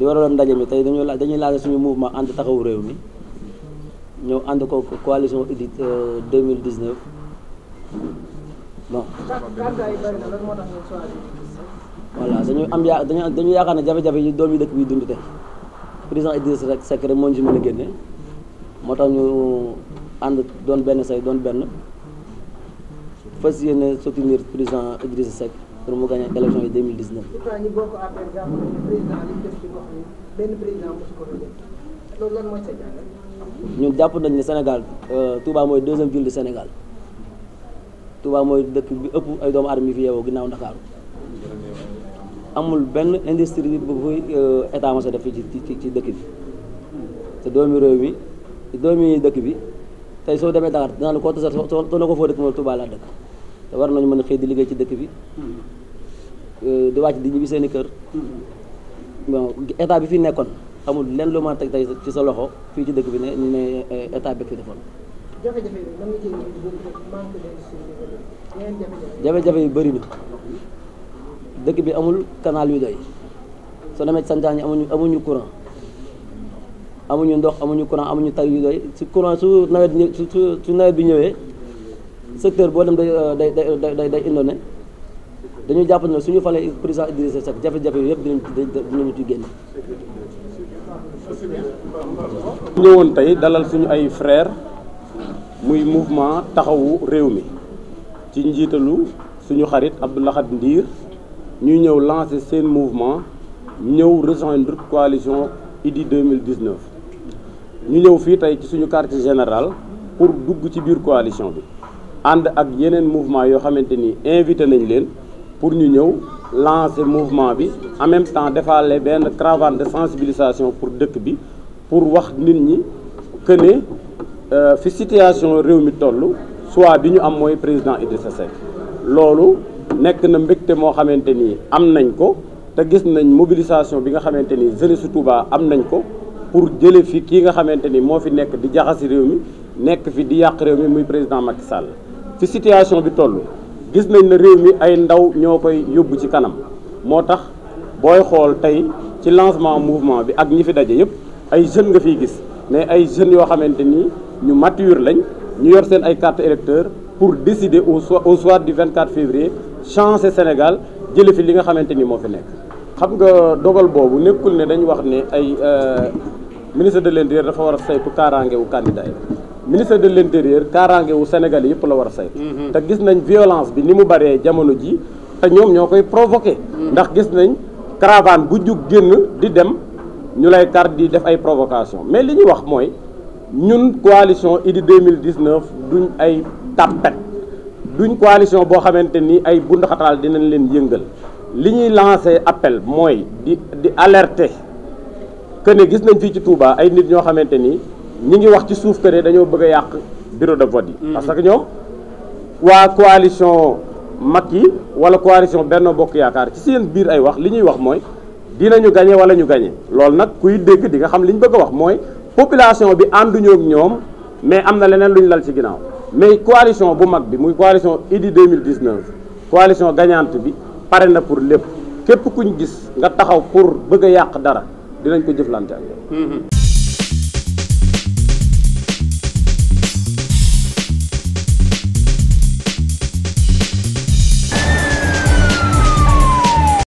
li waraloon ndaje mi tey dañoo laaj dañuy laaj suñu mouvement ànd taxawu réew mi ñëw ànd ko coalition Idy euh, 2019 bon voilà dañuy am yaa dañu dañu yaakaar ne jafe-jafe yi doom yi dëkk bi dund tey président Idrissa rek Seck rek moo ñu si mën a génne moo tax ñu ànd doon benn say doon benn fas yéene soutenir président Idrissa Seck pour mu gagné élection yi 2019. ñu bokk après loolu lan jàpp nañ ne Sénégal euh, Touba mooy deuxième ville du Sénégal Touba mooy dëkk bi ëpp ay doomu aadama yi fi yeewoo ginnaaw Ndakaaru amul benn industrie bu fuy euh, état mos a def ci ci ci dëkk bi te doomi réew mi doomi dëkk bi tey soo demee Dakar dinaa ne koo tasar soo soo ko foo dëkk moom Touba laa dëkk. te war nañu mën a xëy di liggéey ci dëkk bi hmm. euh, di wàcc di ñibbi seen i kër hmm. bon état bi fi nekkoon amul leen lu ma teg tey ci sa loxo fii ci dëkk bi ne ne euh, état bi fi defoon. jafe-jafe yi bëri na dëkk bi amul canal yu doy soo demee ci santaan yi amuñu amuñu courant amuñu ndox amuñu courant amuñu tari yu doy si courant su nawet su su nawet bi ñëwee. secteur boo dem euh, day day day day day indoone dañu jàpp ne suñu falee président Idrissa Seck jafe-jafe yëpp dinañ dinañu ci génn. woon tey dalal suñu ay frères muy mouvement taxawu réew mi ci njiitalu suñu xarit Abdou Lahad Ndiir ñuy ñëw lancé seen mouvement ñëw rejoindre coalition Idy 2019 ñu ñëw fii tey ci suñu quartier général pour dugg ci biir coalition bi. ànd ak yeneen mouvement yoo xamante ni invité nañ leen pour ñu ñëw lancer mouvement bi en même temps defaale benn caravane de sensibilisation pour dëkk bi pour wax nit ñi que ne euh, fi situation réew mi toll soit bi ñu am mooy président Idrissa Seck loolu nekk na mbégte moo xamante ni am nañ ko te gis nañ mobilisation bi nga xamante ni jeunesse su Touba am nañ ko pour jële fi kii nga xamante ni moo fi nekk di jaxasi réew mi nekk fi di yàq réew mi muy président Macky Sall ci situation bi toll gis nañ ne réew mi ay ndaw ñoo koy yóbbu ci kanam moo tax booy xool tey ci langement mouvement bi ak ñi fi daje yëpp ay jeunes nga fiy gis mais ay jeunes yoo xamante ni ñu mature lañ ñu yor seen ay carte électeur pour décider au soir au soir du 24 février changer Sénégal jële fi li nga xamante ni moo fi nekk. xam nga dogal boobu nekkul ne dañu wax ne ay euh, ministre de l'intérieur dafa war a saytu kaaraange wu candidat ministre de l'intérieur kaaraange wu Sénégal yëpp la war a saytu mhm. te gis nañ violence bi ni mu baree jamono ji te ñoom ñoo koy provoqué mhm. ndax gis nañ caravane bu jug génn di dem ñu lay kar di def ay provocation mais li ñuy wax mooy ñun coalition Idy 2019 duñ ay tàppet duñ coalition boo xamante ni ay bundaxataal dinañ leen yëngal li ñuy lancé appel mooy di di alerté que ne gis nañ fii ci Touba ay nit ñoo xamante ni ñi ngi wax ci suuf que ne dañoo bëgg a yàq bureau de vote yi. Mm-hmm. parce que ñoom waa coalition mag yi wala coalition Benno Bokk Yaakaar ci seen biir ay wax li ñuy wax mooy dinañu gañe wala ñu gañe loolu nag kuy dégg di nga xam li ñu bëgg a wax mooy population bi ànduñoo ak ñoom mais am na leneen lu ñu lal ci ginnaaw mais coalition bu mag bi muy coalition Idy 2019 coalition gagnante bi pare na pour lépp képp ku ñu gis nga taxaw pour bëgg a yàq dara dinañ ko jëflante